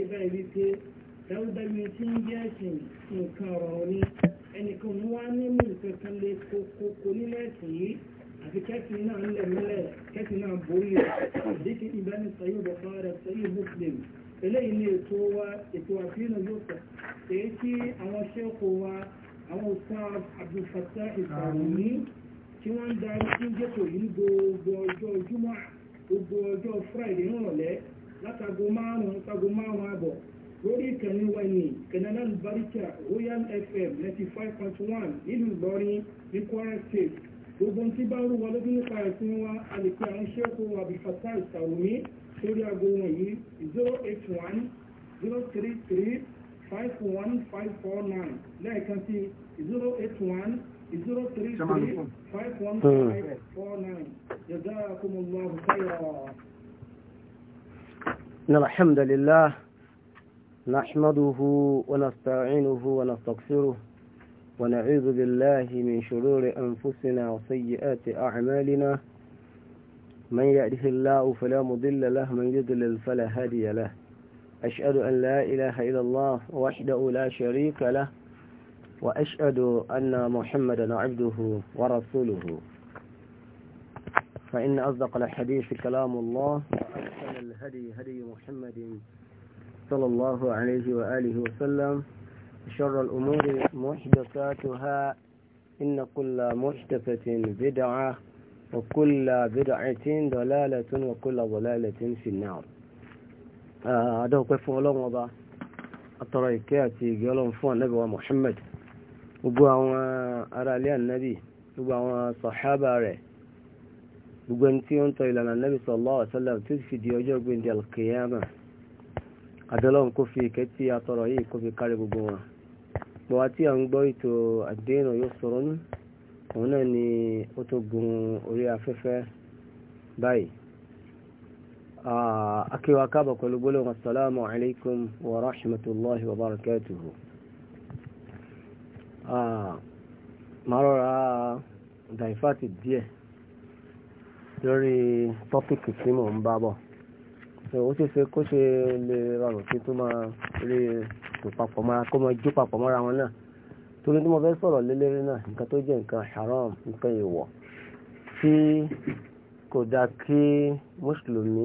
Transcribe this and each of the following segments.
ibẹ̀ wípé dáúdámi tí ń jẹ́ ẹ̀sìn nǹkan ọ̀rọ̀ ní ẹnìkan wá nínú ìkankan lè kókó nínú ẹ̀sìn yìí àti kẹ́sìn náà ń lẹ̀ mọ́lẹ̀ kẹ́sìn náà borí rẹ̀ muslim eléyìí ni ètò wa ètò àfihàn yóò tẹ̀ èyí tí àwọn ṣẹ́kù wa àwọn òsán àbúfàtà ìfàwọ̀ní tí wọ́n ń gbogbo ọjọ́ gbogbo ọjọ́ Friday látago márùn-ún látago márùn-ún àbọ̀ lórí ìkànnì wa ní kanadan barika royal fm ninety five point one nílùú ìlọrin ní kwara state gbogbo tí bá ń rú wa lójú nípa ẹ̀sìn wa a lè pe àwọn ṣẹ́kù abifata ìsàwùmí sórí aago wọ̀nyí zero eight one zero three three five one five four nine lẹ́ẹ̀kan sí zero eight one zero three three five one five four nine jazakumullahu khairan. إن الحمد لله نحمده ونستعينه ونستغفره ونعوذ بالله من شرور أنفسنا وسيئات أعمالنا من يأله الله فلا مضل له من يضلل فلا هادي له أشهد أن لا إله إلا الله وحده لا شريك له وأشهد أن محمدا عبده ورسوله فإن أصدق الحديث كلام الله الهدي هدي محمد صلى الله عليه وآله وسلم شر الأمور محدثاتها إن كل محدثة بدعة وكل بدعة ضلالة وكل ضلالة في النار هذا هو كيف الله وضع الطريقات قالوا فوق النبي محمد وقوا أرى النبي وقوا صحابة رأي gbogbo ẹni tí ó ń tọ ìlànà Nabi sallallahu alaihi wasallam tí ó fi di ọjọ́ gbẹ̀ndì alkiyama adọ́lọ́n kó fi ìkẹ́ tí a tọrọ yìí kó fi kárí gbogbo wọn pọ̀ àti à ń gbọ́ ètò àdéhùn Yusrun òun náà ni ó tó gun orí afẹ́fẹ́ báyìí akíwa kábọ̀ pẹ̀lú gbólóhùn assalamu alaikum wa rahmatullahi wa barakatuhu máa rọra dàìfàtì lórí tọ́pìkì tí mò ń bá bọ̀ ó ṣe ṣe kó ṣe lè rọrùn kí tó máa rí tò papọ̀ mọ́ra kó máa jó papọ̀ mọ́ra wọn náà torí tí mo fẹ́ sọ̀rọ̀ lélẹ́rí náà nǹkan tó jẹ́ nǹkan haram nǹkan èèwọ̀ tí kò dáa kí mùsùlùmí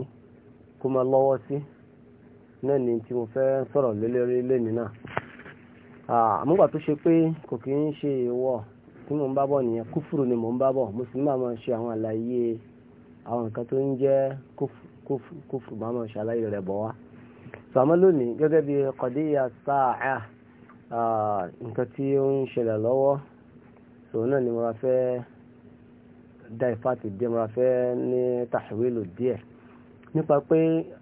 kó máa lọ́wọ́ sí náà ni tí mo fẹ́ sọ̀rọ̀ lélẹ́rí lẹ́ni náà àmúgbà tó ṣe pé kò kí ń ṣe èèwọ̀ tí mò ń bá bọ̀ nìyẹn kúfùrù ni mò ń bá bọ̀ mo sì máa ṣe àwọn àlàyé àwọn nǹkan tó ń jẹ́ kófù bá mọ̀ ṣàlàyé rẹ̀ bọ̀ wá. sàmọ́ lónìí gẹ́gẹ́ bí kọ̀díyà sáà nǹkan tí ó ń ṣẹlẹ̀ lọ́wọ́ sòun náà ni mo ra fẹ́ dá ifá ti dé mo ra fẹ́ ní tàṣíwélò díẹ̀ nípa pé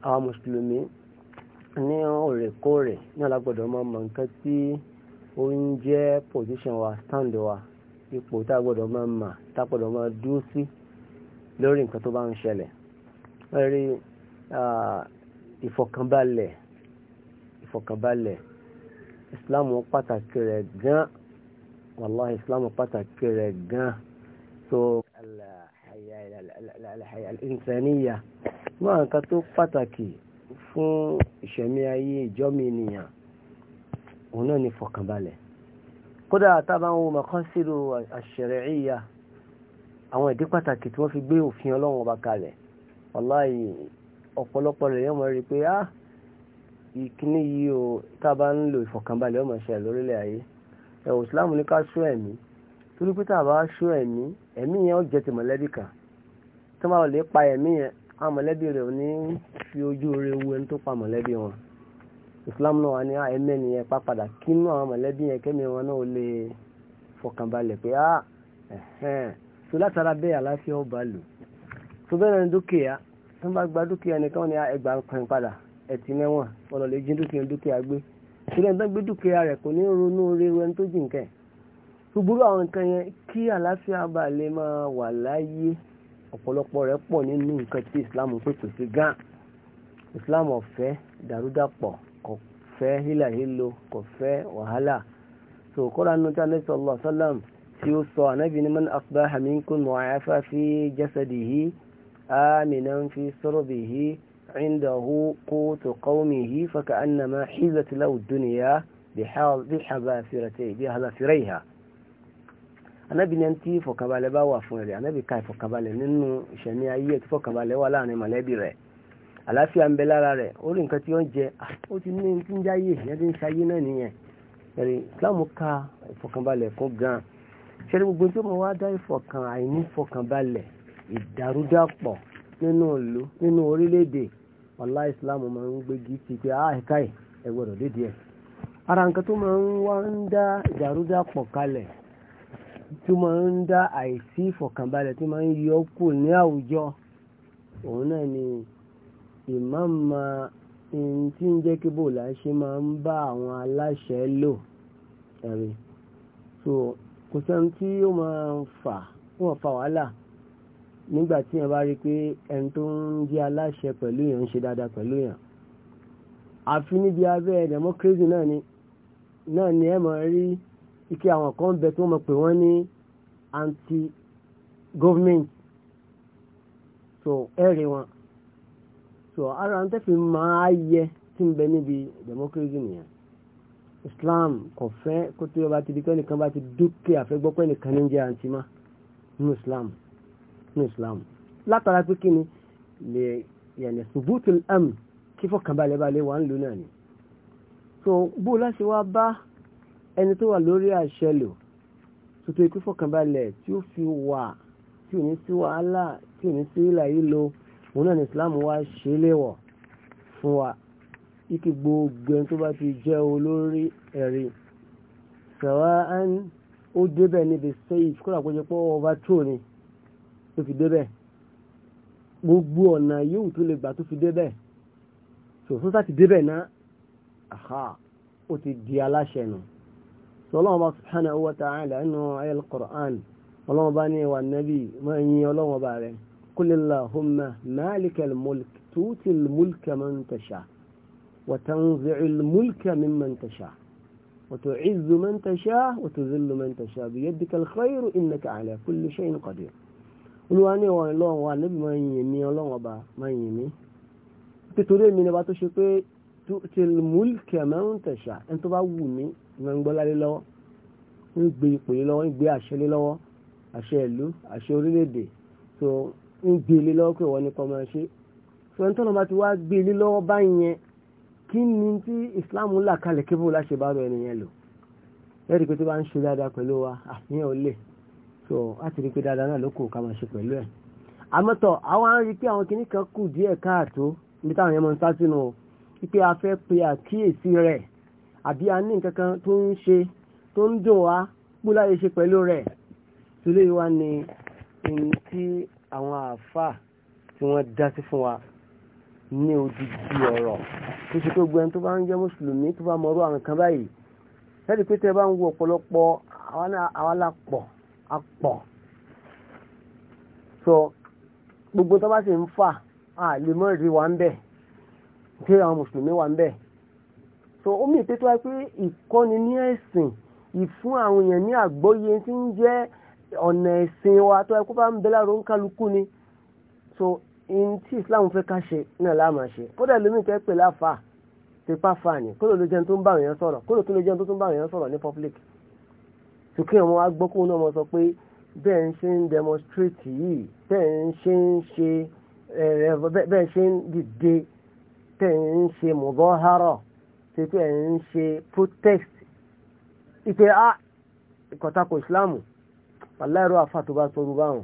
àwọn mùsùlùmí ní òrèkóòrè ní alágbọ̀dọ̀ máa mọ nǹkan tí ó ń jẹ́ position wa stand wa ipò tá a gbọ́dọ̀ máa mà tá a gbọ́dọ̀ máa dúró sí lórí nǹkan tó bá ń ṣẹlẹ̀ rí ìfọ̀kànbalẹ̀ ìfọ̀kànbalẹ̀ islam pàtàkì rẹ̀ gan wallahi islam pàtàkì rẹ̀ gan so al-insaniya wọn nǹkan tó pàtàkì fún ìṣẹ̀mí ayé ìjọ́mi ènìyàn òun náà ni ìfọ̀kànbalẹ̀ kódà tábà ń wo maqasidu ash-shar'iyya àwọn ìdí pàtàkì tí wọ́n fi gbé òfin ọlọ́run ọba kalẹ̀ wàláhì ọ̀pọ̀lọpọ̀ rẹ̀ yọmọ rí pé ah ìkíní yìí o tá a bá ń lo ìfọ̀kànbalẹ̀ ọmọ ṣe lórílẹ̀ ayé ẹ̀wọ̀ ìsìláàmù ní ká ṣó ẹ̀mí torí pé tá a ṣó ẹ̀mí ẹ̀mí yẹn ó jẹ ti mọ̀lẹ́bí kan tó máa lè pa ẹ̀mí yẹn àwọn mọ̀lẹ́bí rẹ̀ ò ní fi ojú oore wu ẹni tó pa mọ̀lẹ́bí wọn ìsìláàmù náà wà ní ah, ẹ̀mí ẹnìyẹn pa padà kínú àwọn mọ̀lẹ́bí yẹn kẹ́mi wọn náà ó lè fọ̀kànbalẹ̀ pé ah so látara bẹ́ẹ̀ àláfíà ọba lò tó bẹ́ẹ̀ ní dúkìá tó bá gba dúkìá nìkan ní ah, ẹgbà kan padà ẹ̀tì mẹ́wọ̀n ọlọ́lẹ̀ jí dúkìá dúkìá gbé sílẹ̀ ń gbé dúkìá rẹ̀ kò ní ronú orí ẹni tó jì nǹkan ṣùgbúrú àwọn nǹkan yẹn kí àláfíà ọba lè máa wà láyé ọ̀pọ̀lọpọ̀ rẹ̀ pọ̀ nínú nǹkan tí Islam pèpè sí gan Islam ọ̀fẹ́ dàrúdàpọ̀ kò fẹ́ hílàhílo kò fẹ́ wàhálà so kọ́ra nù tí a ní sọ lọ sọ́lámù tí ó sọ ànábì ní man asbaha minkum mu'afa fi jasadihi aminan fi sirbihi indahu qutu qawmihi faka'annama hizat lahu dunya bihazafiraiha ànábì ní tí ìfọ̀kànbalẹ̀ bá wà fún rẹ̀ ànábì ka ìfọ̀kànbalẹ̀ nínú ìṣẹ̀mí ayé tí ìfọ̀kànbalẹ̀ wà láàrin mọ̀lẹ́bí rẹ̀ àlàáfíà ń bẹ lára rẹ̀ orí nǹkan tí ó ń jẹ ah, ó ti ní ní ń jáyé ìyẹn ti ń ṣayé náà nìyẹn ẹ̀rí ka ìfọ̀kànbalẹ̀ fún gan-an ṣe ni gbogbo tí mo wá dá ìfọ̀kàn àìní ìfọ̀kànbalẹ̀ ìdàrúdàpọ̀ nínú ìlú nínú orílẹ̀-èdè ọ̀la ìsìláàmù máa ń gbégi ti pé àìká ah, ẹ̀ ẹ gbọ́dọ̀ dédé ẹ̀ ara nǹkan tó máa ń wá ń dá ìdàrúdàpọ̀ kalẹ̀ tó máa ń dá àìsí ìfọ̀kànbalẹ̀ tó máa ń yọ kù ní àwùjọ òun náà ni ìmáàmà ohun tí ń jẹ́ kí bòlá ṣe máa ń bá àwọn aláṣẹ lò ẹ̀rí kò sẹ́ni tí ó máa ń fà wọ́n fa wàhálà nígbà tí yẹn bá rí pé ẹni tó ń jẹ́ aláṣẹ pẹ̀lú yẹn ń ṣe dáadáa pẹ̀lú yẹn àfi níbi abẹ́ democracy náà ni náà ni ẹ máa rí ike àwọn kan bẹ tí wọ́n mọ̀ pé wọ́n ní anti government so ẹ̀rí wọn so ara ń tẹ́fì máa yẹ tí ń bẹ níbi democracy nìyẹn. Islam kò fẹ́ kó tó yọba ti di pé nìkan bá ti dúkè àfẹ́gbọ́ pé nìkan ní jẹ́ àǹtí má nínú Islam nínú Islam látara pé kí ni lè yẹ̀nì ṣubútù ẹ̀m kí fọkànbalẹ̀ balẹ̀ wà ń lò náà ni. so bó láti wá bá ẹni tó wà lórí àṣẹ lò tuntun ikú fọkànbalẹ̀ tí ó fi wà tí ò ní sí wàhálà tí ò ní sí ìlà yìí lo òun náà ní Islam wá ṣe é léwọ̀ fún wa ike gbogbo ẹni tó bá ti jẹ́ olórí ẹ̀rí sàwa án ó débẹ̀ níbi sẹ́yìn kódà kó jẹ́ pé ọba tó ni tó fi débẹ̀ gbogbo ọ̀nà yóò tó lè gbà tó fi débẹ̀ sòsó sá ti débẹ̀ náà àhà ó ti di aláṣẹ nù sọlọ́wọ́n bá subhanahu wa ta'ala nínú ayal Qur'an ọlọ́wọ́n bá ní ìwà nẹ́bí máa ń yin ọlọ́wọ́n bá rẹ̀ qulillahumma malikal mulk tuutil mulka man tasha. وتنزع الملك ممن تشاء وتعز من تشاء وتذل من تشاء بيدك الخير إنك على كل شيء قدير olùwàní ọ̀rọ̀ ìlọ́run wa níbi máa ń yìn mí ọlọ́run ọba máa ń yìn mí títorí èmi ni bá tó ṣe pé tí múlìkì ẹ̀mẹ́rún tẹ̀ṣà ẹni tó bá wù mí ìwọ̀n ń gbọ́lá lé lọ́wọ́ ń gbé ipò lé lọ́wọ́ ń gbé àṣẹ lé lọ́wọ́ àṣẹ ìlú àṣẹ orílẹ̀-èdè tó ń gbé lé lọ́wọ́ pé wọ́n ní máa ṣe kí ni tí islam ń là kalẹ̀ kébù láṣẹ bá rọ ẹnìyẹn lò lẹ́rìí pé tó bá ń ṣe dáadáa pẹ̀lú wa àfihàn olè so láti rí pé dáadáa náà ló kù ká máa ṣe pẹ̀lú ẹ̀ àmọ́tọ̀ àwọn arí pé àwọn kìíní kan kù díẹ̀ káàtó níbi táwọn yẹn máa ń sá sínú pípé a fẹ́ pe àkíyèsí rẹ̀ àbí a ní nǹkan kan tó ń ṣe tó ń dùn wá pú láyé ṣe pẹ̀lú rẹ̀ tó lè wá ní ẹni tí àwọn àáfà tí wọ́n dá sí fún wa ní odidi ọ̀rọ̀ tó ṣe pé gbẹ́ni tó bá ń jẹ́ mùsùlùmí tó bá mọ̀rú àwọn kan báyìí lẹ́ẹ̀dì pé tẹ́ bá ń wo ọ̀pọ̀lọpọ̀ àwa lápọ̀ apọ̀ so gbogbo tó bá sì ń fà á lè mọ́ ìrí wa ń bẹ̀ tí àwọn mùsùlùmí wa ń bẹ̀ so ó mì pé tó wáyé pé ìkọ́ni ní ẹ̀sìn ìfún àwọn èèyàn ní àgbọ́yé tí ń jẹ́ ọ̀nà ẹ̀sìn wa tó wáyé kó bá ń bẹ láàrú ń kálukú ni so in tí islam fẹ́ ká ṣe náà láàmà ṣe kódà lómi tẹ́ pè láfa tipa fa ni kódò ló jẹun tó ń bá èèyàn sọ̀rọ̀ kódò tó ló jẹun tó ń bá èèyàn sọ̀rọ̀ ní public tùkí ọmọ wa gbọ́ kóun náà mọ sọ pé bẹ́ẹ̀ ń ṣe ń demonstrate yìí bẹ́ẹ̀ ń ṣe ń ṣe eh, bẹ́ẹ̀ ṣe ń dìde bẹ́ẹ̀ ń ṣe mọ̀gọ́hárọ̀ tètè ẹ̀ ń ṣe protest ìpè á ah, ìkọ̀tàkùn islam pàlẹ́ ẹ̀rọ àfàtúbà sọ̀rọ̀ báwọn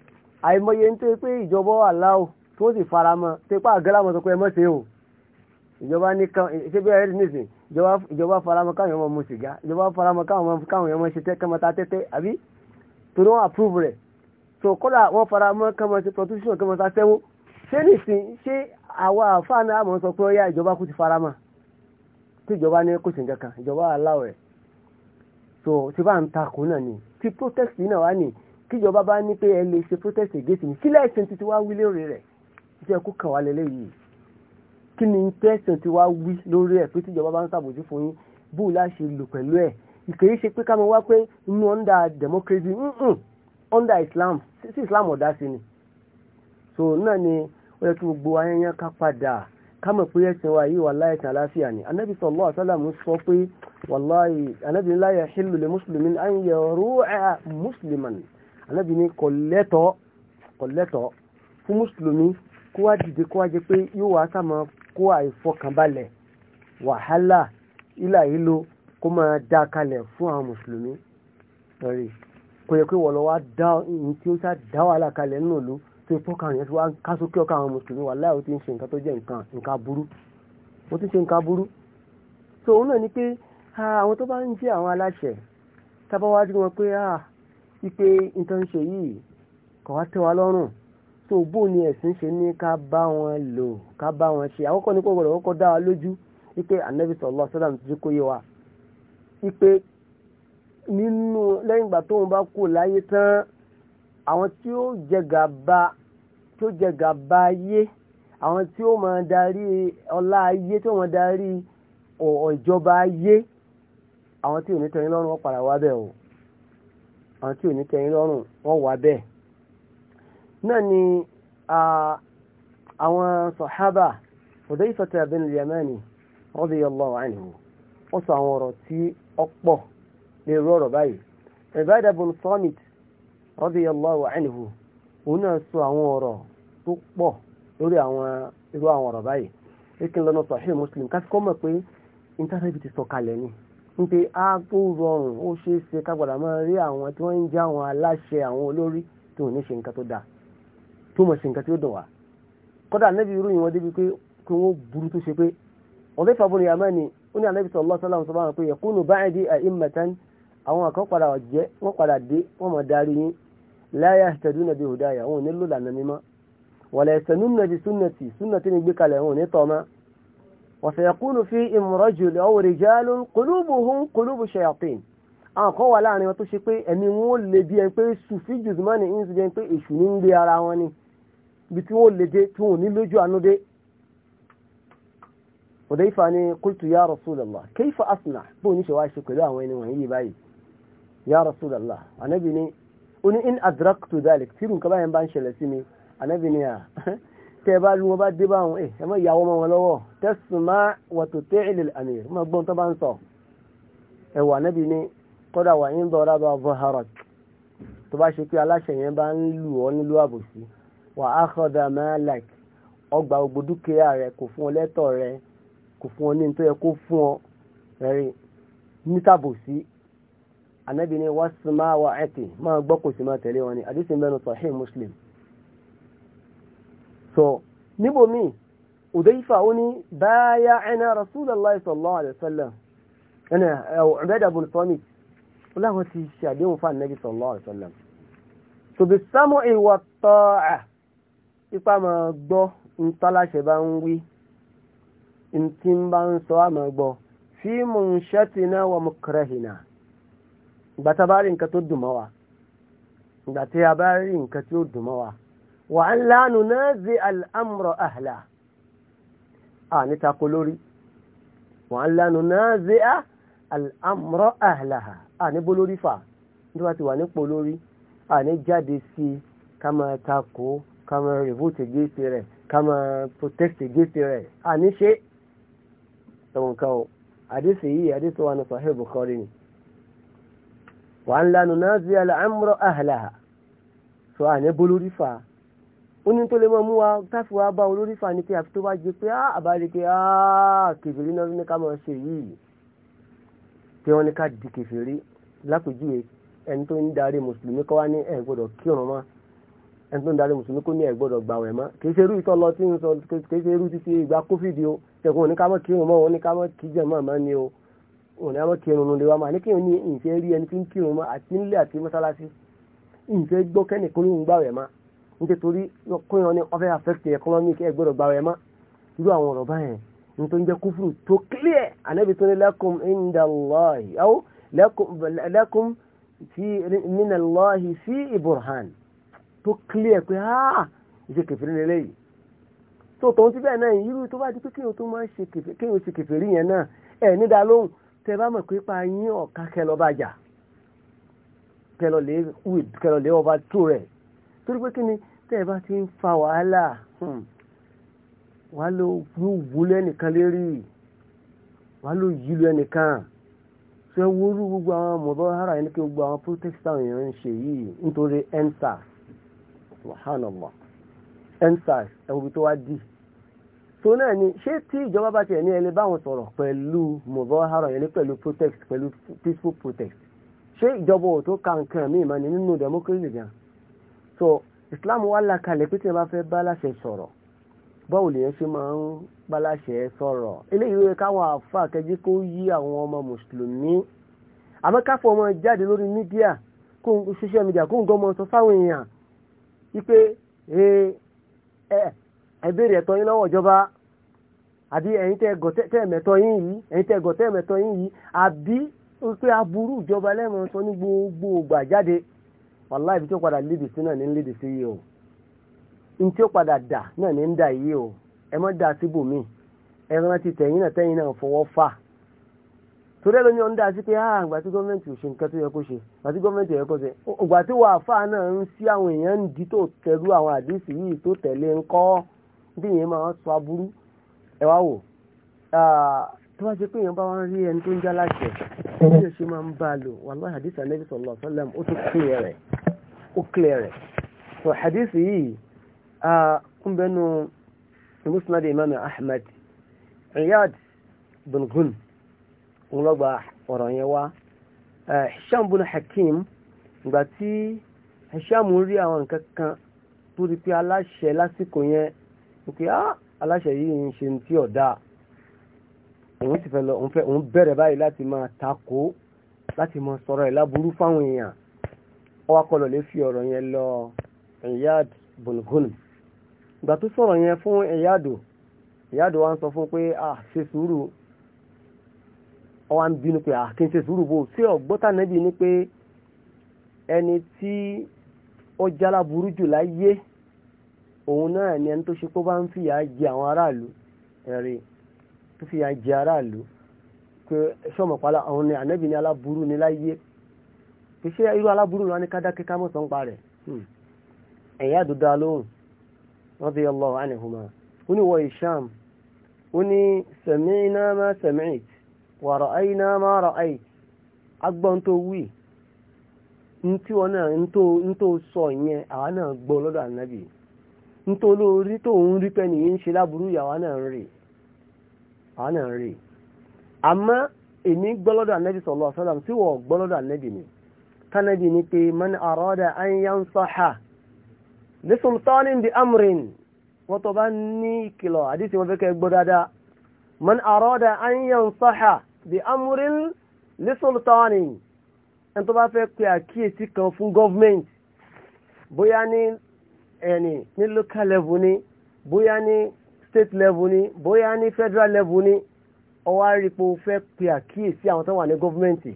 àìmọye ń tó pé ìjọba aláwọ̀ tó sì fara mọ́ tó pé àgẹ́lámọ̀ tó pé ẹ mọ́ ṣe o ìjọba ní kan ṣé bí ẹ̀rí nìsín ìjọba fara mọ́ káwọn ọmọ mu sìgá ìjọba fara mọ́ káwọn ọmọ ṣe tẹ́ kẹ́mọ́ta tẹ́tẹ́ àbí torí wọ́n approve rẹ̀ so kódà wọ́n fara mọ́ kẹ́mọ́ ṣe prostitution kẹ́mọ́ta sẹ́wó ṣé nìsín ṣé àwa àfáà náà mọ̀ sọ pé ó yá ìjọba kò ti fara mọ́ so tí bá ń takò ni tí kíjọba bá ní pé ẹ lè ṣe protest against mi kílẹ̀ ẹ̀sìn ti wá wí lórí rẹ̀ iṣẹ́ kó kàn wá lélẹ̀ yìí kí ni tẹ́sán ti wá wí lórí ẹ̀ pé tíjọba bá ń ṣàbòjú fún yín bó la lò pẹ̀lú ẹ̀ ìkéyìí ṣe pé ká wá pé inú under democracy under Islam sí Islam ọ̀dá sí ni so náà ni ó yẹ kí gbogbo ayẹyẹ ká padà ká pé ẹ̀sìn wa yìí wà láìsàn àlàáfíà ni anabi sallallahu alaihi sọ pé wàláyé anabi la yahillu li muslimin an yaru'a anábì ní kò lẹ́tọ̀ọ́ kò lẹ́tọ̀ọ́ fún mùsùlùmí kó wá dìde kó wá jẹ pé yóò wá sàmọ́ kó àìfọkànbalẹ̀ wàhálà ilà ìlò kó máa dá kalẹ̀ fún àwọn mùsùlùmí rẹ̀ kò yẹ pé wọ́n lọ wá dá ohun tí ó sá dá wàhálà kalẹ̀ nínú ìlú tó fọ́kàn yẹn tó wá ká sókè ọkàn àwọn mùsùlùmí wà láì ó ti ń ṣe nǹkan tó jẹ́ nǹkan nǹkan burú ó ti ṣe nǹkan burú so òun náà ni pé ah, àwọn tó bá ń jẹ́ àwọn aláṣẹ tábà wá rí wọn pé ah wípé nǹkan ṣe yìí kò wá tẹ́ wa lọ́rùn tó bó ni ẹ̀sìn ṣe ní ká bá wọn lò ká bá wọn ṣe àkọ́kọ́ ní kọ́kọ́ kọ́kọ́ dá wa lójú wípé anabi sallallahu alaihi wasallam ti kó yé wa wípé nínú lẹ́yìn ìgbà tóun bá kú láyé tán àwọn tí ó jẹ gàba tí ó jẹ gàba àwọn tí ó máa darí ọlá ayé tí ó máa darí ọ̀jọba ayé àwọn tí ò ní tẹ̀yìn lọ́rùn wọn wá bẹ́ẹ̀ o. àwọn tí ò ní tẹ́yìn lọ́rùn wọ́n wà bẹ́ẹ̀ náà ni àwọn sọ̀hábà Hudayfata bin al-Yamani radiyallahu ó sọ àwọn ọ̀rọ̀ tí ó pọ̀ lè rọrọ̀ báyìí Ubadah bin Samit radiyallahu òun náà sọ àwọn ọ̀rọ̀ tó pọ̀ lórí àwọn irú àwọn ọ̀rọ̀ báyìí ekin lọ́nà Muslim kásìkọ́ mọ̀ pé intanẹ́ẹ̀tì ti sọ kalẹ̀ ń pe á tó rọrùn ó ṣeé ṣe kágbàdà máa rí àwọn tí wọ́n ń jẹ́ àwọn aláṣẹ àwọn olórí tó ní ṣe nǹkan tó dáa tó mọ̀ ṣe nǹkan tí ó dùn wá kódà níbi irú ìwọ̀n débi pé kí wọ́n burú tó ṣe pé ọ̀dẹ́ ìfàbọ̀nì yamani ó ní ànábì sallallahu alaihi wasallam sọ báwọn pé yakunu ba'di a'immatan àwọn àkọ́ padà jẹ́ wọ́n padà dé wọ́n mọ̀ darí yín la yahtaduna bi hudaya wọn ò ní lò lànà mímọ́ wala yastanunna bi sunnati sunnati ní gbé kalẹ̀ wọn ò ní tọ́ máa وسيكون فيهم رجل أو رجال قلوبهم قلوب الشياطين àwọn kan wà láàrin wọn tó ṣe pé ẹ̀mí wọn ó lè bí ẹni pé sùfí jùzùmọ́nì ń ṣe pé èṣù ní ń gbé ara wọn ni ibi tí wọ́n lè dé tí wọ́n ní lójú àánú dé. ọ̀dọ̀ ifá ni qultu ya Rasulallah kayfa asna bó ní ṣe wá ṣe pẹ̀lú àwọn ẹni wọ̀nyí báyìí ya Rasulallah anabi ni ó ní in adraktu dhalik tírù nǹkan báyẹn bá ń ṣẹlẹ̀ sí mi anabi ni à tẹ́ bá lu wọn bá dé báwọn ẹ eh, ẹ má yàwó mọ wọn lọ́wọ́ tẹsùmá wàtò tẹ ìlẹ àmìr má gbọ́n tó bá ń sọ ẹwà níbi ni kódà wà ń dọ̀ra bá vọ́hárọ̀ tó bá ṣe pé aláṣẹ yẹn bá ń lù ọ́ nílùú àbòsí wà á kọ́dà máa làk ọgbà gbogbo dúkìá rẹ kò fún ọ lẹ́tọ̀ rẹ kò fún ọ ní tó yẹ kó fún ọ rẹ nítàbòsí ànábì ni wà ẹ̀tì máa gbọ́ kò sí máa tẹ̀lé wọn ni àdìsí mẹ́nu sahih muslim so níbo mi Udayfa ó ní báyà ẹ̀nà Rasulullah sallallahu alaihi wasallam ẹ̀nà Ubadah ibn Samit ó láwọn ti ṣe àdéhùn fún Ànábì sallallahu alaihi wasallam so bí sam'i wa ta'a ipa máa gbọ́ ntọ́láṣẹ bá ń wí ntí bá ń sọ àmọ́ gbọ́ fi munshatina wa mukrahina ìgbà tá a bá rí nǹkan tó dùn mọ́ wa ìgbà bá rí nǹkan tí dùn mọ́ wa wà á ńlá nù náà zé àmúrọ̀ àhàlà à níta kó lórí wà á ńlá nù náà zé àmúrọ̀ àhàlà à níbo lórí fà nítorí wá ti wà nípò lórí à ní jáde sí i ká máa takò ká máa revote against rẹ̀ ká máa protect against rẹ̀ à ní ṣe ẹ̀wọ̀n kan o àdéṣe yìí àdéṣe wà ní Sahih Bukhari ni wà á ńlá nù náà zé àmúrọ̀ àhàlà à so à ní bó lórí fà á ó ní tó lè mọ́ mú wa káfí wa bá olórí fà ní pé àfi tó bá jẹ pé ah, àbárí pé ah, kèfèrí náà ní ká máa ṣe yìí pé wọ́n ní ká di kèfèrí lápèjúwe ẹni tó ń darí mùsùlùmí kọ́ wá ní ẹ̀ gbọ́dọ̀ kírun mọ́ ẹni tó ń darí mùsùlùmí kó ní ẹ̀ gbọ́dọ̀ gbàwẹ̀ mọ́ kìí ṣe irú ìtọ́ lọ tí ń sọ kìí ṣe irú títí ìgbà kófìdì o ṣẹ̀kùn òní ká ká nítorí kóyàn ní ọfẹ́ affect economic ẹ gbọ́dọ̀ gbàwé mọ́ irú àwọn ọ̀rọ̀ báyẹn ní tó ń jẹ́ kúfùrù tó clear ànábì tó ní lakum indallahi aw lakum fi minallahi fi burhan tó clear pé áà ah, ìṣe kẹfìrí lélẹ́ yìí tó tòun ti bẹ́ẹ̀ náà irú tó bá di pé kéèyàn tó máa ṣe kéèyàn ṣe kẹfìrí yẹn náà ẹ̀ nídà lóhùn tẹ bá mọ̀ pé pa yín ọ̀ka kẹlọ bá ọba tó rẹ̀ torí pé kí ni tẹ́ ẹ bá ti ń fa wàhálà hmm, wàá ló wúlò ẹnìkan lérí wàá ló yílò ẹnìkan ṣe wúrú gbogbo àwọn mọ̀bára ẹni kí gbogbo àwọn protestant èèyàn ń ṣe yìí nítorí ensars subhanallah ensars ẹwùbí tó wá dì so náà ni ṣé tí ìjọba bá tiẹ̀ ní ẹni báwọn sọ̀rọ̀ pẹ̀lú mọ̀bára ẹni pẹ̀lú protest pẹ̀lú peaceful protest ṣé ìjọba ò tó ka nǹkan míì mọ́ ni nínú democracy gan so islam wà lákalẹ̀ pé tí wọ́n bá fẹ́ bá láṣẹ sọ̀rọ̀ báwo lè ṣe máa ń bá láṣẹ sọ̀rọ̀ eléyìí rẹ káwọn àáfàá kẹjí kó yí àwọn ọmọ mùsùlùmí àmọ́ káfọ́ ọmọ jáde lórí mídíà kó ń social media kó ń gọ́ ọmọ sọ fáwọn èèyàn wípé ẹ béèrè ẹ̀tọ́ yín lọ́wọ́ ìjọba àbí ẹ̀yin tẹ́ gọ̀tẹ́ẹ̀mẹ̀tọ́ yín yìí ẹ̀yin tẹ́ gọ̀tẹ́ẹ̀mẹ̀tọ́ yín yìí àbí wípé aburú ìjọba lẹ́mọ̀ ní gbogbo ògbà jáde wàláhì ibi tí ó padà lédè sí náà ní ń lédè sí yìí o n tí ó padà dà náà ní ń dà yìí o ẹ mọ́ dà síbò míì ẹ rántí tẹ̀yìn náà tẹ̀yìn náà fọwọ́ fà torí ẹ ló ní ọ̀n dà sí pé ah ìgbà tí gọ́ọ̀mẹ̀ntì ò ṣe nǹkan tó yẹ kó ṣe ìgbà tí gọ́ọ̀mẹ̀ntì yẹ kó ṣe ìgbà tí wàá fà náà ń sí àwọn èèyàn ń di tó tẹ̀lú àwọn àdéhùn yìí tó tẹ̀lé ńkọ́ bí ìyẹn máa sọ aburú ẹ wá wò ah, tó bá jẹ́ pé èèyàn bá wá ń rí ẹni tó ń já láṣẹ bí ó ṣe máa ń bá a lò wàláhì hadith anabi sallallahu alaihi wasallam ó tún clear rẹ̀ ó clear rẹ̀ so hadith yìí ń bẹnu musnad imam ahmed iyad bin gun òun lọ́gba yẹn wá hisham bin hakim ìgbà tí hisham rí àwọn nǹkan kan tó rí pé aláṣẹ lásìkò yẹn ó pé ah, aláṣẹ yìí ń ṣe ti ọ̀dà òun sì fẹ́ lọ òun fẹ́ òun bẹ̀rẹ̀ báyìí láti máa takò láti máa sọ̀rọ̀ ẹ̀ láburú fáwọn èèyàn ó wá kọlọ̀ lè fi ọ̀rọ̀ yẹn lọ Iyad bulhun ìgbà tó sọ̀rọ̀ yẹn fún Iyadu Iyadu wa ń sọ fún pé à ṣe sùúrù ó bínú pé à kí n ṣe sùúrù bò ṣé ọ̀gbọ́tà nẹ́bí ni pé ẹni tí ó jálá burú jù láyé òun náà ni ẹni tó ṣe kó bá ń fìyà jẹ àwọn aráàlú ẹ̀rìn tó fi àjẹ aráàlú pé àwọn ni ànábì aláburú ni láyé pé ṣé irú aláburú ni ní kádákẹ́ ká mọ̀sán pa rẹ̀ hmm. ẹ̀yà àdúdá lóhùn radiyallahu anhuma ó ní wọ ìṣàm ó ní sami'na ma sami'it wa ra'ayna ma ra'ayt agbọ́n tó sọ àwa náà gbọ́ lọ́dọ̀ lórí tó ń rí pẹ́ nìyí ń ṣe àwọn náà rí àmọ́ èmi gbọ́lọ́dọ̀ ànẹ́bì sọ̀lọ́ ọ̀sọ́lá tí wọ́n gbọ́lọ́dọ̀ ànẹ́bì ni tánẹ́bì ni pé man arada an yansaha li sultanin di amrin wọ́n tó bá ní ìkìlọ̀ àdìsí wọn fẹ́kẹ́ gbọ́ dáadáa man arada an yansaha di amrin li sultanin ẹni tó bá fẹ́ pe àkíyèsí kan fún gọ́ọ̀mẹ̀ntì bóyá ní ẹni ní local level ni bóyá ní state level ni bóyá ní federal level ni ọwọ́ àrípo fẹ́ pe àkíyèsí àwọn tó wà ní gọ́fúmẹ̀ntì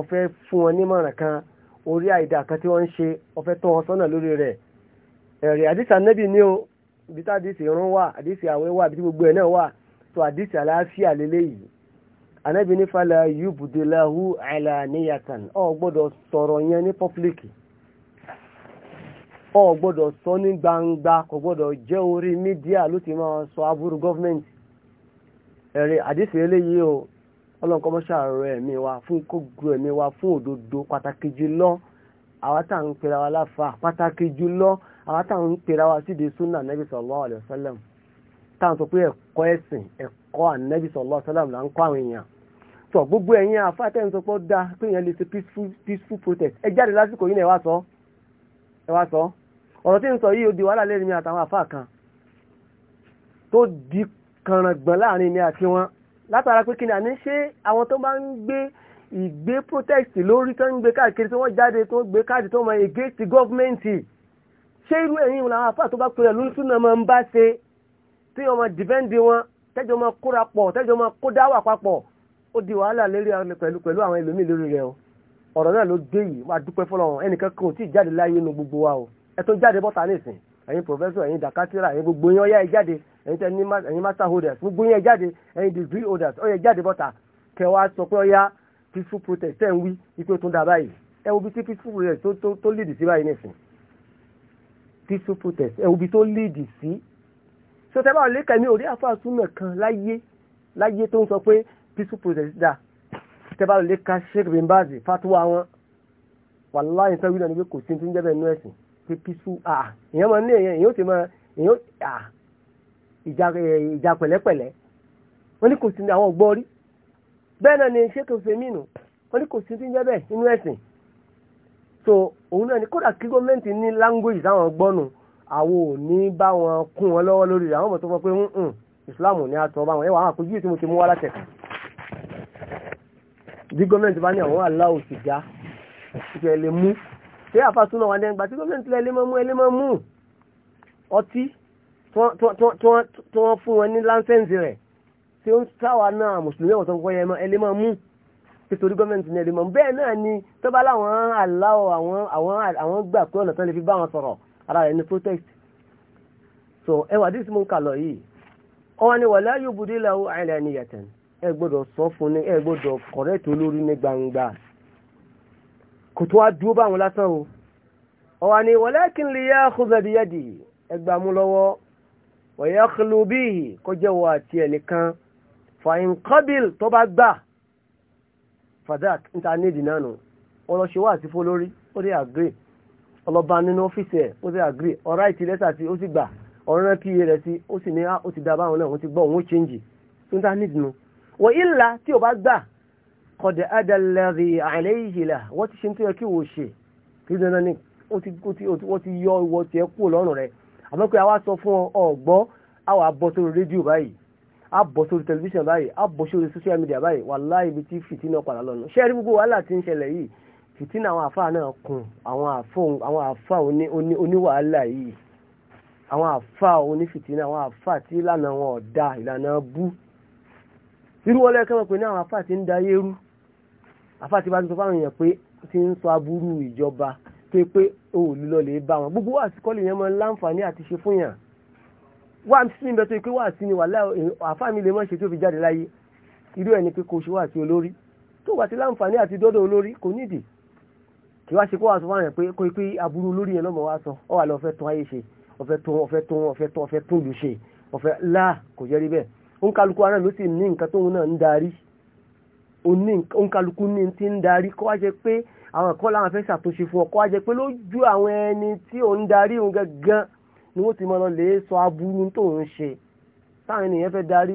ọ̀fẹ́ fún wọn nímọ̀ràn kan orí àìdá kan tí wọ́n ń ṣe ọ̀fẹ́ tọ́ wọn sọ́nà lórí rẹ̀ ẹ̀rí àdìsí anábì ní o ibi tá àdìsí irun wà àdìsí àwẹ̀ wà àbí tí gbogbo ẹ̀ náà wà tó àdìsí àlàáfíà lélẹ́yìí anábì ní falẹ̀ yubdilahu ọ̀ gbọ́dọ̀ sọ̀rọ̀ yẹn ní pọ́pílíkì ọ gbọ́dọ̀ sọ ní gbangba kò gbọ́dọ̀ jẹ́ orí mídíà ló ti máa sọ aburú gọ́fìmẹ̀ntì ẹ̀rẹ̀ àdífẹ́ eléyìí o ọlọ́nkọ́mọ́ṣà rẹ̀ ẹ̀mí wa fún kógùn ẹ̀mí wa fún òdodo pàtàkì jùlọ àwa tá à ń pera wa láfa pàtàkì jùlọ àwa tá à ń pera wa síde súnà nẹ́bí sallallahu alaihi wasallam tá à ń sọ pé ẹ̀kọ́ ẹ̀sìn ẹ̀kọ́ ànẹ́bí sallallahu alaihi wasallam là ń kọ́ àwọn èèyàn sọ gbogbo ẹ̀yin àfáàtẹ́yìn sọ pé peaceful protest ẹ jáde lásìkò yìí náà ẹ ẹ wá sọ ọ̀rọ̀ tí ń sọ yìí ó di wàhálà lẹ́nu mi àtàwọn àfáà kan tó di kànràngbọ̀n láàrin mi àti wọn látara pé kí ni àní ṣé àwọn tó bá ń gbé ìgbé protest lórí tó ń gbé káàkiri tí wọ́n jáde tó ń gbé káàdì tó mọ against gọ́ọ̀mẹ̀ntì ṣé irú ẹ̀yìn wọn làwọn àfáà tó bá pèrè lórí súnà máa ń bá ṣe tí wọ́n máa dìbẹ́ǹdì wọn tẹ́jọ́ máa kóra pọ̀ tẹ́jọ́ máa kó dáwà papọ̀ ó di wàhálà lérí pẹ̀lú pẹ̀lú àwọn ẹlòmíì lórí rẹ̀ o ọ̀rọ̀ náà ló dé yìí wàá dúpẹ́ fọlọ́run ẹnìkan kan ò tí jáde láyé nu gbogbo wa o ẹ tó jáde bọ́ta nísìn ẹ̀yin professor ẹ̀yin dakatira ẹ̀yin gbogbo yẹn ọ̀yá ẹ̀ jáde ẹ̀yin tẹ́ ẹ̀yin master holders gbogbo yẹn jáde ẹ̀yin degree holders ọ̀yẹ̀ jáde bọ́ta kẹwàá sọ pé ọ̀yá peaceful protest ẹ̀ ń wí ipò tó ń da báyìí ẹ wo bí tí peaceful protest tó tó tó lead sí báyìí nísìn peaceful protest ẹ wo bí tó lead sí sọtẹ́ báwo lè kẹ́mi òrí àfàsúnmọ̀ kan láyé láyé tó ń sọ pé peaceful protest dà tẹ́ báwo lè ka sheikh bimbazi fatuwa wọn wàláyé sẹ́wìn náà ni pé kò sí ní ti ń jẹ́ bẹ́ẹ̀ nú ẹ̀sìn pé písú àà èèyàn máa ní èèyàn èèyàn ó ti máa èèyàn àà ìjà ìjà pẹ̀lẹ́pẹ̀lẹ́ wọ́n ní kò sí àwọn ọgbọ́n rí bẹ́ẹ̀ náà ni ṣéèkì fèmínú wọ́n ní kò sí ti ń jẹ́ bẹ́ẹ̀ nínú ẹ̀sìn so òun náà ni kódà kí gọ́ọ̀mẹ́ntì ní language táwọn gbọ́nù àwọn ò ní bá wọn kún wọn lọ́wọ́ lórí rẹ̀ àwọn ọmọ tó fọ pé ń Islam ní àtọ́ bá wọn ẹwà àwọn àpèjì tí mo ti mú wá látẹ̀kọ̀ bí gọ́ọ̀mẹ́ntì bá ní àwọn aláwọ̀ sìgá ìfẹ́ lè mú ṣé àfàsùn náà wà dẹ́gbà tí gómìnà tilẹ̀ ẹlẹ́mọ̀mú ẹlẹ́mọ̀mú ọtí tí wọ́n fún wọn ní láńsẹ́ǹsì rẹ̀ tí ó ń sáwà náà mùsùlùmí ọ̀sán kọ́ ẹlẹ́mọ̀mú nítorí gọ́ọ̀mẹ̀ntì ní ẹlẹ́mọ̀mú bẹ́ẹ̀ náà ni tó bá láwọn aláwọ̀ àwọn gbà pé ọ̀nà tán lè fi bá wọn sọ̀rọ̀ ara rẹ̀ ní protest so ẹwà dísì mú kà lọ yìí ọwọ́n ni wàlá yóò budí làwọn àìlẹ́ ẹni yàtẹ̀ ẹ gbọ́dọ̀ sọ fún ní ẹ gbọ́dọ̀ correct olórí ní gbangba kò tó wá dúró báwọn lásán o ọwà ni walakin liyakhudha biyadihi ẹgbà mú lọ́wọ́ wa yakhlu bihi kó jẹ́ wọ àti ẹnìkan fa in qabil tó bá gbà fadak níta nídìí náà nù ọlọ́ṣẹ́ wà sí fọlórí ó dé àgbè ọlọ́ba nínú ọ́fíìsì ẹ̀ ó dé àgbè ọ̀rá ìtìlẹ́sà tí ó sì gbà ọ̀rán pa rẹ̀ sí ó sì ní ah, ó ti dá báwọn náà wọ́n ti gbọ́ òun ó ṣe ń nídìí nù wọ́n ìlà tí ò bá gbà qad ada alladhi alayhi lahu wọ́n ti ṣe tó yẹ kí wò ṣe kí dandan ni wọ́n ti yọ ìwọ tiẹ̀ kúrò lọ́rùn rẹ̀ àmọ́ pé àwa sọ fún ọ ọ̀gbọ́ àwa bọ́ sórí rédíò báyìí a bọ́ sórí tẹlifíṣàn báyìí a bọ́ sórí social media báyìí wàláhì ibi tí fìtínà padà lọ́nu ṣẹ́ẹ́rí gbogbo wàhálà ti ń ṣẹlẹ̀ yìí fìtínà àwọn àfa náà kun àwọn àfa oníwàhálà yìí àwọn àfa onífìtínà àwọn àfa tí ìlànà wọn ọ̀dà ìlànà bú irú wọlé kẹ́wọ́n pé ní àwọn àfa ti ń da yé rú àfáà ti bá ti sọ fáwọn èèyàn pé ti ń sọ aburú ìjọba pé pé o ò lè bá wọn gbogbo wàásù kọ́lé yẹn máa láǹfààní àti ṣe fún yàn wà á sí ìbẹ̀tọ̀ pé wàásù ni wàhálà àfáà mi lè má ṣe tí ó fi jáde láyé irú ẹ̀ ni pé kò ṣe wàásù olórí tó wà sí láǹfààní àti dọ́dọ̀ olórí kò nídìí kí wá ṣe kó wàásù fáwọn èèyàn pé kó pé aburú olórí yẹn lọ́mọ wá sọ ọ wà lọ fẹ́ tún ayé ṣe ọ̀fẹ́ tún ọ̀fẹ́ tún ọ̀fẹ́ tún ọ̀fẹ́ tún lù ṣe ọ̀fẹ́ láà kò jẹ́ rí bẹ́ẹ̀ oníkálukú ní ti ń darí kọ́ wá jẹ́ pé àwọn ẹ̀kọ́ làwọn fẹ́ ṣàtúnṣe fún ọ kọ́ wá jẹ́ pé lójú àwọn ẹni tí ò ń darí òun gangan ni wọ́n ti mọ lọ lè sọ aburú tó ń ṣe táwọn ènìyàn fẹ́ darí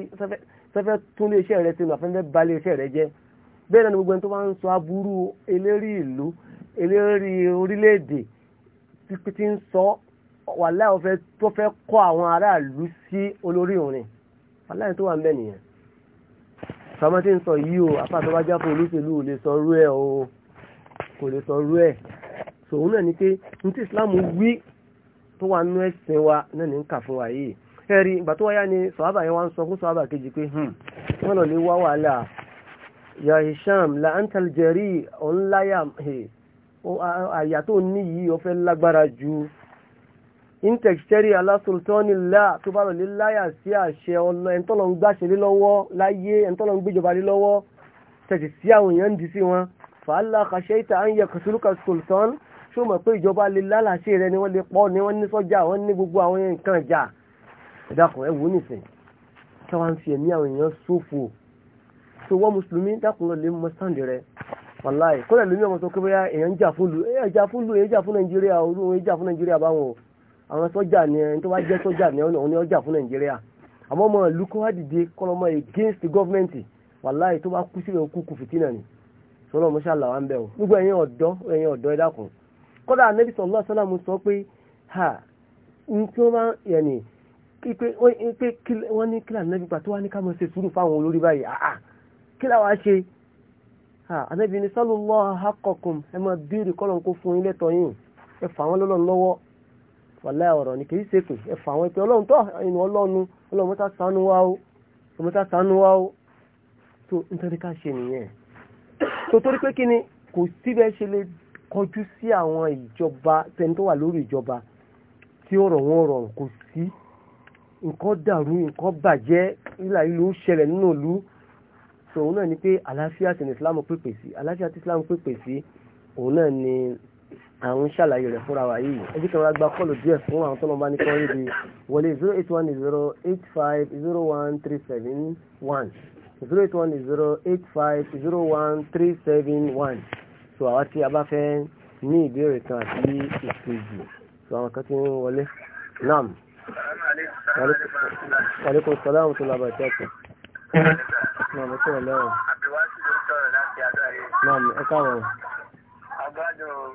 fẹ́fẹ́ tún lé iṣẹ́ rẹ sínú àfẹ́fẹ́ ba lé iṣẹ́ rẹ jẹ́ bẹ́ẹ̀ náà ni gbogbo ẹni tó bá ń sọ aburú eléri ìlú eléri orílẹ̀-èdè ti ń sọ wàláì tó fẹ́ kọ́ àwọn aráàlú sí olórí òun ni wàláì tó wà ń bẹ̀ nìyẹn sàmọ́ tí ń sọ yìí o afáàtọ́wájápọ̀ olóṣèlú ò lè sọ rú ẹ̀ o kò lè sọ rú ẹ̀ sòun náà ni pé ní tí Islam wí tó wà nú ẹ̀sìn wa náà ní ń kà fún wa yìí ẹ̀rí ìgbà tó wáyá ni sọ̀hábà yẹn wá ń sọ fún sọ̀hábà kejì pé hmm, wọ́n lọ lè wá wàhálà ya Hisham la antal jẹ̀rí ọ̀nláyà àyà tó ní yìí ó fẹ́ lágbára ju intexteri alasultani la tó bá lọ lé láyà sí àṣẹ ọlọ ẹ̀ńtọ́lọ́ ń gbàṣẹ lé lọ́wọ́ láyé ẹ̀ńtọ́lọ́ ń gbéjọba lé lọ́wọ́ tẹ̀sí sí àwọn èèyàn ń di sí wọn fàálà kàṣẹ́ìta à ń yẹ kàṣúrúkà sultan ṣó mọ̀ pé ìjọba lè lálàṣẹ rẹ ni wọ́n lè pọ̀ ni wọ́n ní sọ́jà wọ́n ní gbogbo àwọn nǹkan ìjà ẹ̀dàkùn ẹ̀wò nìsín kí wọ́n fi ẹ̀mí àwọn èèyàn ṣòfò tó wọ́n mùsùlùmí dákùn lọ lè mọ sáǹdì rẹ wàláì kó lómi ọmọ sọ pé bóyá èèyàn jà fún lu èèyàn jà fún nàìjíríà òru èèyàn jà fún nàìjíríà báwọn o e àwọn sọ́jà ni ẹni tó bá jẹ́ sọ́jà ni òun ni ọjà fún nàìjíríà àmọ́ ọmọ ìlú kọ́ wá dìde kọ́lọ́mọ against the government wàláì tó bá kú sílẹ̀ kú kú fìtínà ni sọlọ mo ṣàlà wa ń bẹ o gbogbo ẹ̀yin ọ̀dọ́ ẹ̀yin ọ̀dọ́ ẹ dákun kódà anabi sọlọ sọlá mo sọ pé ha n tí wọn bá yẹni pé wọn ní kílà anabi gbà tó wá ní ká máa ṣe sùúrù fáwọn olórí báyìí àà kílà wá ṣe ha anabi ní sálọ lọ àkọkùn ẹ máa béèrè kọlọ ń kó fún yín lẹ́tọ̀ọ́ yín ẹ fà wọn lọlọ lọ́wọ́ wàlá ọ̀rọ̀ ni kìí ṣèkùn ẹ fà wọn pé ọlọ́run tó inú ọlọ́nu ọlọ́run mọ́ta sánú wá o mọ́ta sánú wá o tó nítorí ká ṣe nìyẹn tó torí pé kí ni kò síbẹ̀ ṣe lè kọjú sí àwọn ìjọba tẹni tó wà lórí ìjọba tí ọ̀rọ̀ wọn rọrùn kò sí nǹkan dàrú nǹkan bàjẹ́ ìlà ìlú ṣẹlẹ̀ nínú ìlú tòun náà ni pé àlàáfíà tí Islam pèpè sí àlàáfíà tí ni àwọn ṣàlàyé rẹ̀ fúnra wa yìí ẹjí kan gba kọlù díẹ̀ fún àwọn tó lọ bá ní kọ́ níbi wọlé 08108501371 08108501371 so àwọn tí a bá fẹ́ ní ìbéèrè kan àti ìkejì so àwọn kan tí ń wọlé nam aleykum salaam wa rahmatulah barakatuh nam ẹ káàbọ̀.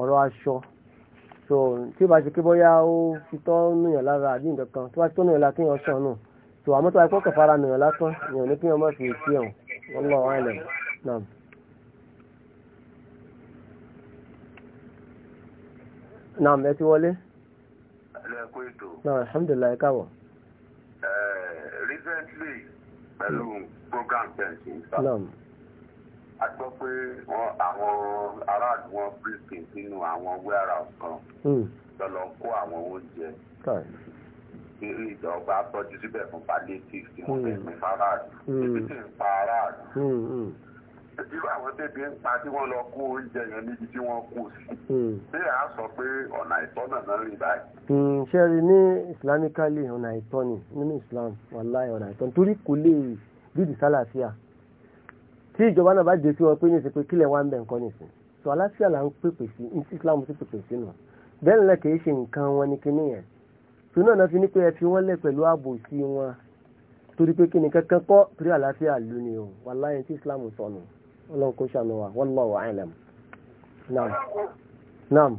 ọ̀rọ̀ aṣọ so tí o bá ti ké bóyá ó fi tọ́ nùyàn lára àbí nǹkan kan tó bá ti tọ́ nùyàn lára kéèyàn sàn nù so àmọ́ tó bá kọ́ kẹfàrà nùyàn lásán èèyàn ní kéèyàn má fi èsì ẹ̀hún wallahu a'lam náà. naam ẹ ti wọlé. ẹ kú ètò. naam alhamdulilah ẹ káàbọ̀. recently pẹ̀lú program bẹ̀rẹ̀ sí a gbọ́ pé àwọn aráàlú wọn bíríkì sínú àwọn warehouse kan hmm. lọ́lọ́ kó àwọn oúnjẹ eré ìjọba tọ́jú síbẹ̀ fún palliative tí wọ́n hmm. fẹ́ fún aráàlú ebi hmm. tí ń pa aráàlú irú àwọn tẹ́bi ń pa tí wọ́n lọ kó oúnjẹ yẹn níbi tí wọ́n kó sí ṣé à ń sọ pé ọ̀nà ìtọ́nà náà rìn báyìí. ṣe rí ní islamically ọ̀nà ìtọ́ni nínú islam wàláì ọ̀nà ìtọ́ni torí kò lè rídìí sálàáfíà tí ìjọba náà bá dé sí wọn pé ní ìsìnkú kílẹ̀ wá ń bẹ̀ nǹkan nìsín tó aláfíà là ń pèpè sí ní tí Islam sì pèpè sínú bẹ́ẹ̀ nílẹ̀ kìí ṣe nǹkan wọn ni kíní yẹn tó náà náà fi ní pé ẹ fi wọ́n lẹ̀ pẹ̀lú ààbò sí wọn torí pé kíni kankan kọ́ torí àláfíà lù ni o wàláyé tí Islam sọnù ọlọ́run kó ṣàánú wa wallahu a'lam. Naam.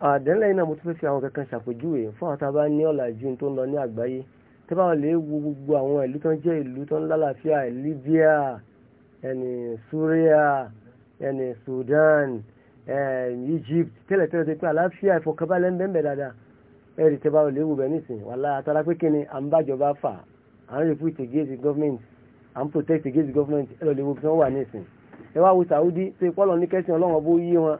àdẹ́lẹ̀ iná mo tún fẹ́ fi àwọn kankan ṣàpèjúwe fún àwọn tá a bá ní ọ̀làjú tó ń lọ ní àgbáyé tó bá lè wo gbogbo àwọn ìlú tó ń jẹ́ ìlú tó ń lálàáfíà Libya ẹni Syria ẹni Sudan ẹni Egypt tẹ́lẹ̀ tẹ́lẹ̀ tó pé àlàáfíà ìfọkànbalẹ̀ ń bẹ́ẹ̀ dáadáa ẹ̀rì tó bá lè wo bẹ́ẹ̀ nísìnyí wàhálà àtàrà pé kíni à ń bàjọba fà à ń refute against government à ń government ẹ̀rọ lè wo bí wọ́n wà nísìnyí Saudi tó ipọ́ lọ ní kẹ́sìn ọlọ́run ọbọ̀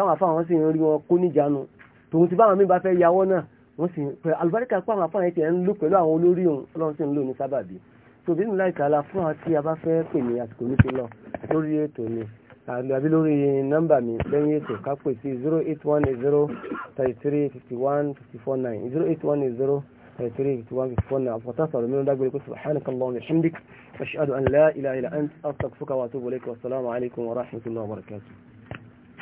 táwọn afáwọn sì ń rí wọn kó níjànú tòun ti báwọn míì bá fẹ́ yàwọ́ náà wọ́n sì pẹ̀ alùbáríkà pé àwọn afáwọn yẹn ti ń lò pẹ̀lú àwọn olórí òun ọlọ́run sì ń lò ní sábàbí tó bí nílá ìkàlà fún àwọn tí a bá fẹ́ pè ní àsìkò ní ti lọ lórí ètò mi àbí lórí nọ́mbà mi lẹ́yìn ètò ká pè sí zero eight one zero thirty three fifty one fifty four nine zero eight one zero thirty three fifty one fifty four nine àfọ̀tásà ọ̀rọ̀ mìíràn dágbére kó subhanakallahumma wa bihamdik ashhadu an la ilaha illa anta astaghfiruka wa atubu ilayk wa assalamu alaykum wa rahmatullahi wa barakatuh.